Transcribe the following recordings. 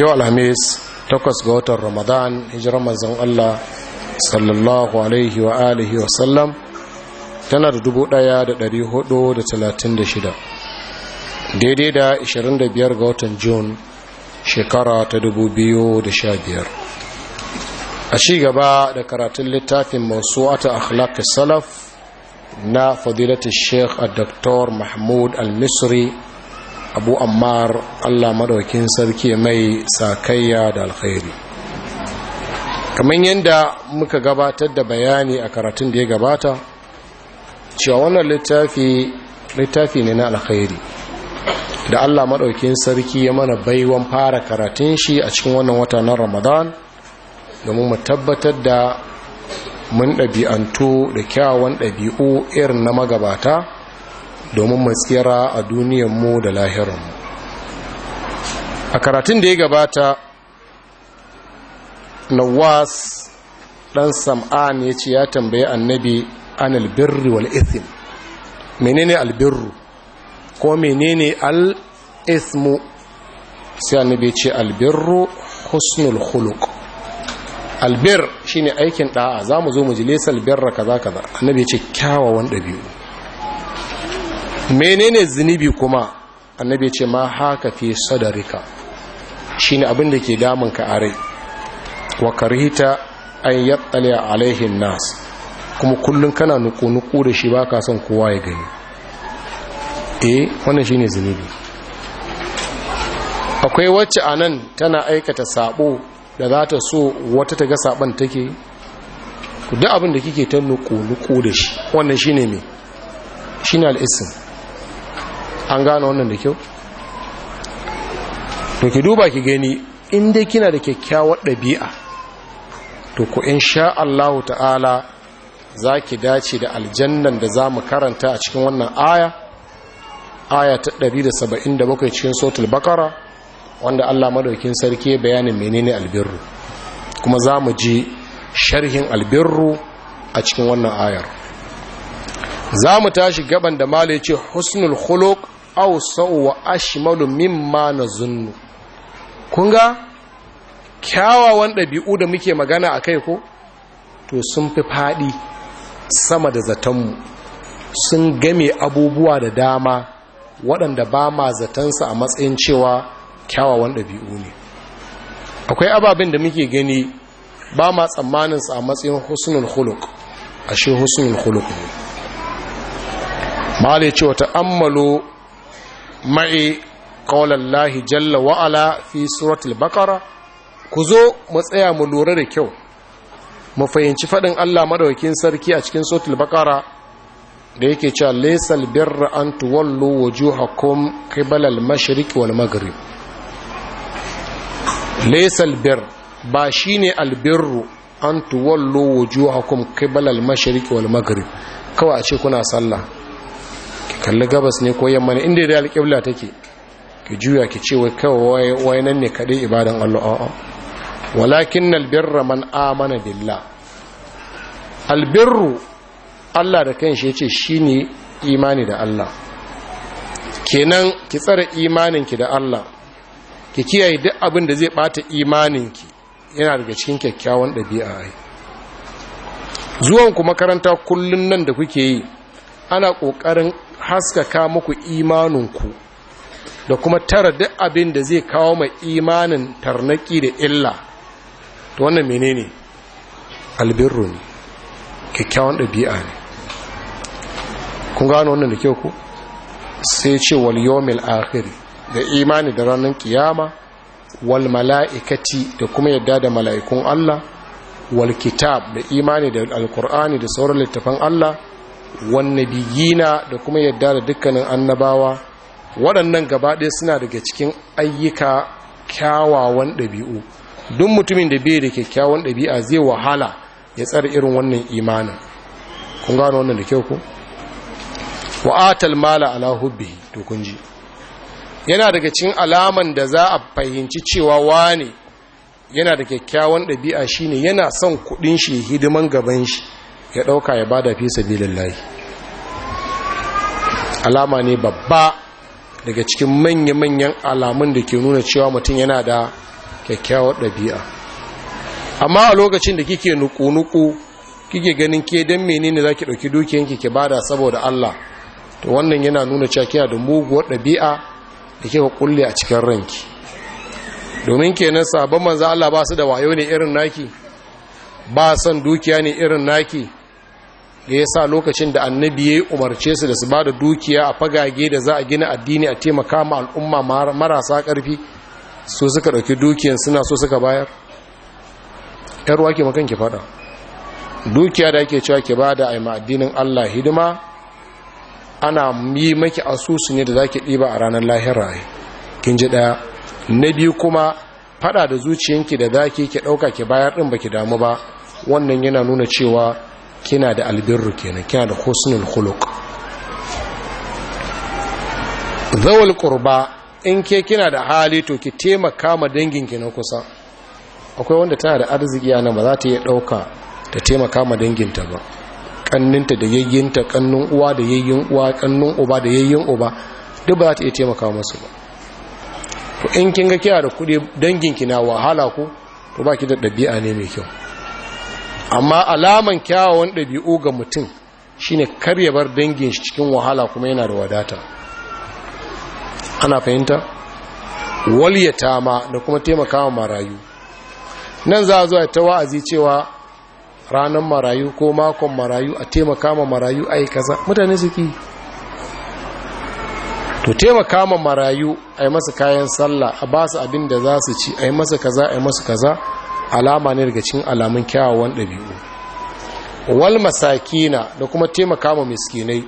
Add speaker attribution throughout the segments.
Speaker 1: yau alhamis takwas ga watan ramadan hijirar mazan allah sallallahu alaihi wa alihi wa sallam tana da dubu da da dari hudu da talatin da shida, daidai da da biyar ga watan jun shekara ta dubu biyu da sha biyar. a ci gaba da karatun littafin masu wata akhlaq salaf na fadilatu sheikh a dr mahmud al-misri abu ammar allah maɗaukin sarki mai sakayya da alkhairi kamar yadda muka gabatar da bayani a karatun da ya gabata cewa wannan littafi littafi ne na alkhairi da allah maɗaukin sarki ya mana baiwan fara karatun shi a cikin wannan wata na ramadan domin mu tabbatar da mun ɗabi'antu da kyawun ɗabi'u irin na magabata domin mu tsira a duniyarmu da lahirinmu a karatun da ya gabata nawas dan sam'an ya ce ya tambaye annabi an albirri wal ithim menene albirru ko menene al ismu sai annabi ce albirru husnul khuluq albir shine aikin da'a zamu zo mu ji lesal kaza kaza annabi ce kyawawan dabi'u menene zunubi kuma annabi ce ma haka fi sadarika shine abin da ke damun ka a rai wa karhita an yattali alaihin nas kuma kullum kana nuku-nuku da shi baka son kowa ya gani eh wannan shine zunubi akwai wacce a nan tana aikata sabo da za ta so wata ta ga saban take duk abin da kike ta nuku-nuku da shi wannan shine me shine al'isin an gane wannan da kyau to ki duba ki gani in dai kina da kyakkyawar ɗabi'a to ku insha Allahu ta'ala zaki dace da aljannan da za mu karanta a cikin wannan aya aya ta 177 cikin sotul bakara wanda Allah madaukin sarki bayanin menene albirru kuma za mu ji sharhin albirru a cikin wannan ayar za mu tashi gaban da mala ya ce husnul khuluk au sa'u wa mimma na kun ga kyawawan ɗabi'u da muke magana a kai ko to sun fi faɗi sama da zatonmu sun game abubuwa da dama waɗanda ba ma zatonsa a matsayin cewa kyawawan ɗabi'u ne akwai ababen da muke gani ba ma tsammaninsa a matsayin husnul khuluk ashe husnul khuluk ne malai ce wata ammalo ma'i lahi jalla wa'ala fi suratul bakara ku zo mu tsaya mu lura da kyau mu fahimci faɗin allah maɗaukin sarki a cikin suratul bakara da yake cewa laisal birra an tuwallu wujuhakum qibala al-mashriq wal maghrib laisal bir ba shine albirru an tuwallu wujuhakum qibala al-mashriq wal maghrib kawai a ce kuna sallah ki kalli gabas ne ko yamma ne inda da alƙibla take ki juya ki ce wai kawai wai nan ne kaɗai ibadan Allah a walakin albirra man amana billah albirru Allah da kanshi yace shine imani da Allah kenan ki tsare imaninki da Allah ki kiyaye duk abin da zai bata ki yana daga cikin kyakkyawan ɗabi'a ai zuwan ku makaranta kullun nan da kuke yi ana ƙoƙarin haskaka muku imaninku da kuma tara duk abin da zai kawo mai imanin tarnaki da illa to wannan menene albirru ne kyakkyawan ɗabi'a ne kun gano wannan da kyau ku sai ce wal yawmil akhir da imani da ranar kiyama wal mala'ikati da kuma yadda da mala'ikun Allah wal kitab da imani da alkur'ani da sauran littafan Allah wannabiyina da kuma yadda da dukkanin annabawa waɗannan gaba ɗaya suna daga cikin ayyuka kyawawan ɗabi'u duk mutumin da bai da kyakkyawan ɗabi'a zai wahala ya tsara irin wannan imanin kun gano wannan da kyau ko wa'atal mala ala hubbi to kun ji yana daga cikin alaman da za a fahimci cewa wane yana da kyakkyawan ɗabi'a shine yana son kuɗin shi hidiman gaban shi ya ɗauka ya bada fi sabilillahi alama ne babba daga cikin manya-manyan alamun da ke nuna cewa mutum yana da kyakkyawar ɗabi'a amma a lokacin da kike nuku-nuku kike ganin ke don menene za ki ɗauki dukiyanki ke bada saboda Allah to wannan yana nuna cewa kina da muguwar ɗabi'a da ke kulle a cikin ranki domin kenan sabon manza Allah ba su da wayo ne irin naki ba son dukiya ne irin naki da ya sa lokacin da annabi ya umarce su da su ba da dukiya a fagage da za a gina addini a taimaka ma al'umma marasa ƙarfi su suka ɗauki dukiyan suna so suka bayar ƴarwa ke makan ki fada dukiya da ake cewa ki ba da yi addinin allah hidima ana yi maki asusu ne da za ki ɗiba a ranar lahira kin ji ɗaya na biyu kuma fada da zuciyanki da za ki ɗauka ki bayar ɗin ba ki damu ba wannan yana nuna cewa kina da albirru kenan kina da husnul khuluq zawal qurba in ke kina da hali to ki taimaka ma dangin ki na kusa akwai wanda tana da arziki yana ba za ta iya dauka ta taimaka ma danginta ba kanninta da yayyinta kannun uwa da yayyin uwa kannun uba da yayyin uba duk ba za ta iya taimaka masu ba to in kinga kina da kuɗi dangin ki na wahala ko to baki da ɗabi'a ne mai kyau amma alaman kyawawan ɗabi'u ga mutum shine kar ya bar dangin shi cikin wahala kuma yana da wadata ana fahimta waliyata ma da kuma taimakawa marayu nan za a zo ta wa'azi cewa ranar marayu ko makon marayu a taimaka ma marayu a yi kaza mutane suke to taimaka ma marayu a yi masa kayan sallah a ba su abin da za su ci a yi masa kaza a yi masa kaza alama ne daga cikin alamun kyawawan ɗabi'u wal masakina da kuma taimaka ma miskinai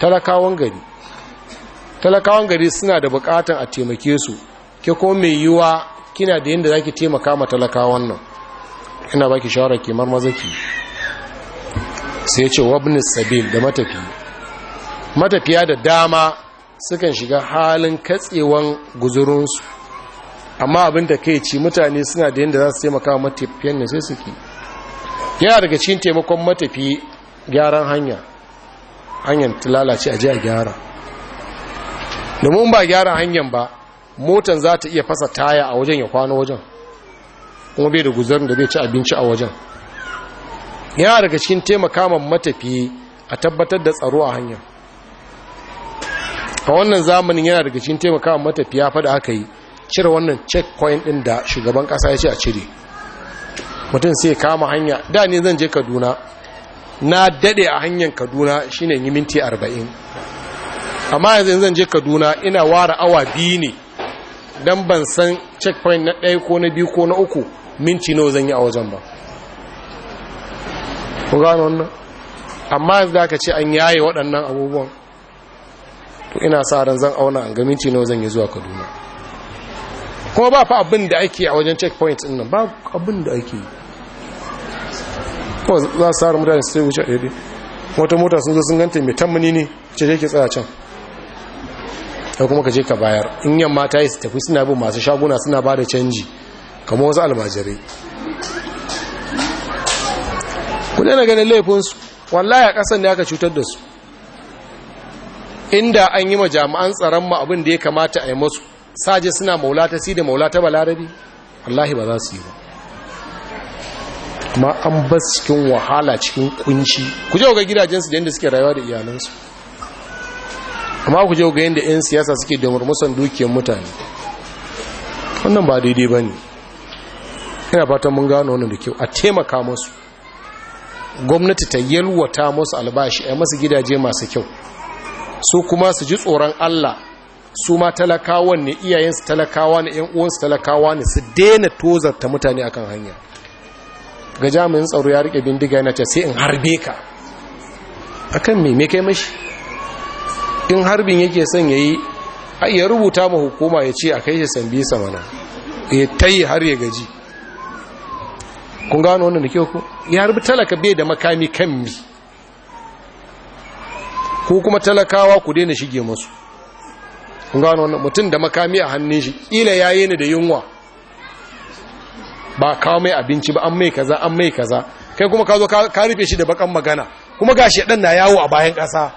Speaker 1: talakawan gari talakawan gari suna da bukatan a taimake su ke ko mai yiwa kina da yadda zaki taimaka ma talakawan nan ina ki shawara kimar mazaki sai ce wabnin sabil da matafi matafiya da dama sukan shiga halin katsewan guzurinsu amma abin da kai ci mutane suna da yadda za su taimaka wa matafiyan ne sai suke yana daga cikin taimakon matafi gyaran hanya hanyar ta lalace a ji a gyara domin ba gyaran hanyar ba motan za ta iya fasa taya a wajen ya kwana wajen kuma bai da guzar da bai ci abinci a wajen yana daga cikin taimaka ma matafi a tabbatar da tsaro a hanyar a wannan zamanin yana daga cikin taimaka matafiya fa da aka yi cire wannan checkpoint din da shugaban kasa ya ce a cire mutum sai kama hanya da ne zan je kaduna na dade a hanyar kaduna shine yi minti 40 amma yanzu zan je kaduna ina ware awa biyu ne don ban san checkpoint na ɗaya ko na biyu ko na uku minti nawa zan yi a wajen ba ku gano wannan amma yanzu da aka ce an yaye waɗannan abubuwan to ina sa ran zan auna an ga minti nawa zan yi zuwa kaduna kuma ba fa abin da ake a wajen checkpoint din nan ba abin da ake ko za su tsara mutane sai wuce daidai wata mota sun zo sun ganta mai tammani ne ce ke tsaya can ta kuma ka je ka bayar in yamma ta yi su tafi suna bin masu shaguna suna ba da canji kama wasu almajirai kudai na ganin laifinsu a kasan da aka cutar da su inda an yi ma jami'an tsaron ma abin da ya kamata a yi masu saje suna maula ta si da maula ta balarabi wallahi ba za su yi ba kuma an ba cikin wahala cikin kunci ku je ga gidajensu da yadda suke rayuwa da iyalansu amma ku je ga yadda 'yan siyasa suke da murmusan dukiyar mutane wannan ba daidai ba ne ina fatan mun gano wani da kyau a taimaka masu gwamnati ta yalwata masu albashi a masu gidaje masu kyau su kuma su ji tsoron allah su ma talakawan ne iyayensu talakawa ne yan uwansu talakawa ne su daina tozarta mutane akan hanya ga jami'in tsaro ya rike bindiga yana ce sai in harbe ka akan me me kai mashi in harbin yake son yayi ya rubuta ma hukuma ya ce a kai shi sambisa mana ya yi har ya gaji kun gano wannan da kyau ku ya harbi talaka bai da makami kan mi ko kuma talakawa ku daina shige masu kun gano wannan mutum da makami a hannun shi ila yi ni da yunwa ba kawo mai abinci ba an mai kaza an mai kaza kai kuma ka zo ka rufe shi da bakan magana kuma ga shaɗan na yawo a bayan ƙasa.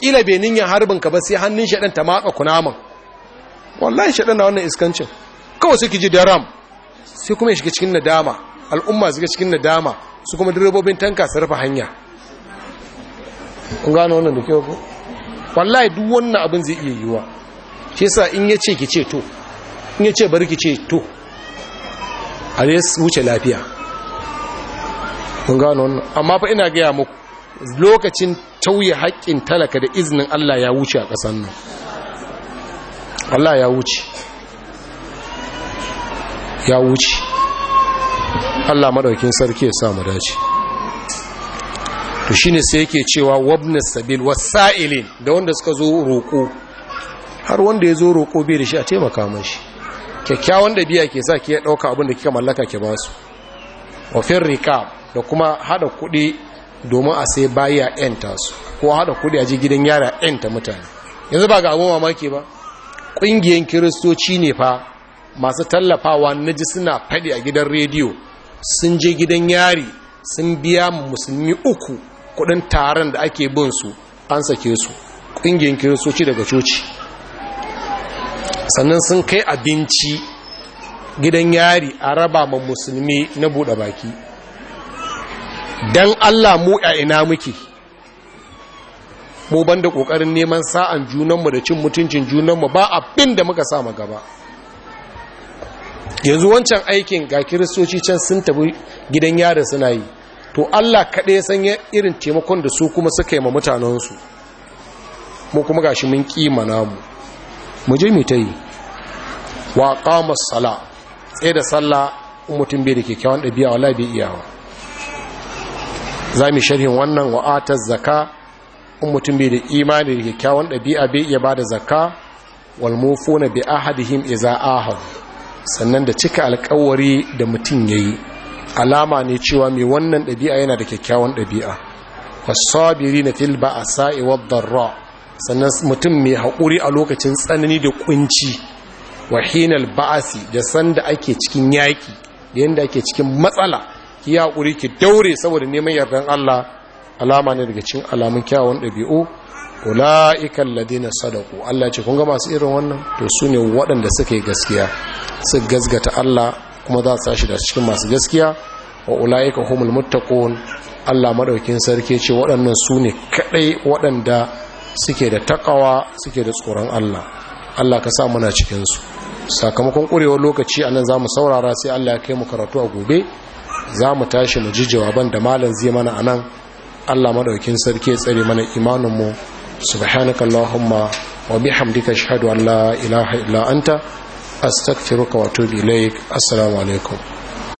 Speaker 1: ila bai ninya harbin ka ba sai hannun shaɗan ta matsa kunaman wallahi shaɗan na wannan iskancin kawai sai ki ji daram sai kuma ya shiga cikin nadama al'umma shiga cikin nadama su kuma direbobin tanka su rufe hanya kun gano wannan da kyau ko wallahi duk wannan abin zai iya yiwuwa shi sa in yace ki ce to in yace bari ki ce to a wuce lafiya mun gano wannan amma fa ina gaya mu lokacin tauye haƙƙin talaka da izinin Allah ya wuce a ƙasar nan Allah ya wuce ya wuce Allah madaukin sarki ya samu dace to shine sai yake cewa wabnas sabil wasailin da wanda suka zo roƙo har wanda ya zo roƙo bai da shi a taimaka mashi kyakkyawan biya ke sa ke ɗauka abin da kika mallaka ke ba su ofin rika da kuma haɗa kuɗi domin a sai bayi a ‘yanta su ko haɗa kuɗi a ji gidan yara ‘yanta mutane yanzu ba ga abin mamaki ba Ƙungiyar kiristoci ne fa masu tallafawa na ji suna faɗi a gidan rediyo sun je gidan yari sun biya musulmi uku kuɗin taron da ake bin su an sake su Ƙungiyar kiristoci daga coci sannan sun kai abinci gidan yari a raba ma musulmi na buɗe baki don allah mu a ina muke mu banda ƙoƙarin neman sa'an junanmu da cin mutuncin junanmu ba abin da muka sa gaba yanzu wancan aikin ga kiristoci can sun tabi gidan yari suna yi to allah kaɗai san irin taimakon da su kuma suka yi ma mutanensu mu kuma gashi mun kima namu mu je mu ta yi wa qama sala Sai da sallah mutum bai da kyakkyawan ɗabi'a wala bai iyawa za mu sharhin wannan wa atar zaka mutum bai da imani da kyakkyawan ɗabi'a bai iya ba da zaka walmofo na bi ahadihim iza ahad sannan da cika alkawari da mutum ya yi alama ne cewa mai wannan ɗabi'a yana da kyakkyawan ɗabi'a wasabiri na fil ba'asa iwad darra sannan mutum mai haƙuri a lokacin tsanani da kunci wa hinal ba'asi da sanda ake cikin yaƙi da yanda ake cikin matsala ki haƙuri ki daure saboda neman yardan Allah alama ne daga cikin alamun kyawun ɗabi'u ula'ikan alladhina sadaku Allah ce kun ga masu irin wannan to su ne waɗanda suka yi gaskiya su gasgata Allah kuma za su tashi da cikin masu gaskiya wa ula'ika humul muttaqun Allah maɗaukin sarki ce waɗannan su ne kaɗai waɗanda suke da takawa suke da tsoron Allah Allah ka sa muna cikinsu sakamakon ƙurewar lokaci anan nan za mu saurara sai Allah ya kai mu karatu a gobe za mu tashi mu ji jawaban da malam zai mana a nan Allah maɗaukin sarki ya tsare mana imaninmu subhanaka Allahumma wa bihamdika ashhadu an la ilaha illa anta astaghfiruka wa atubu ilaik assalamu alaikum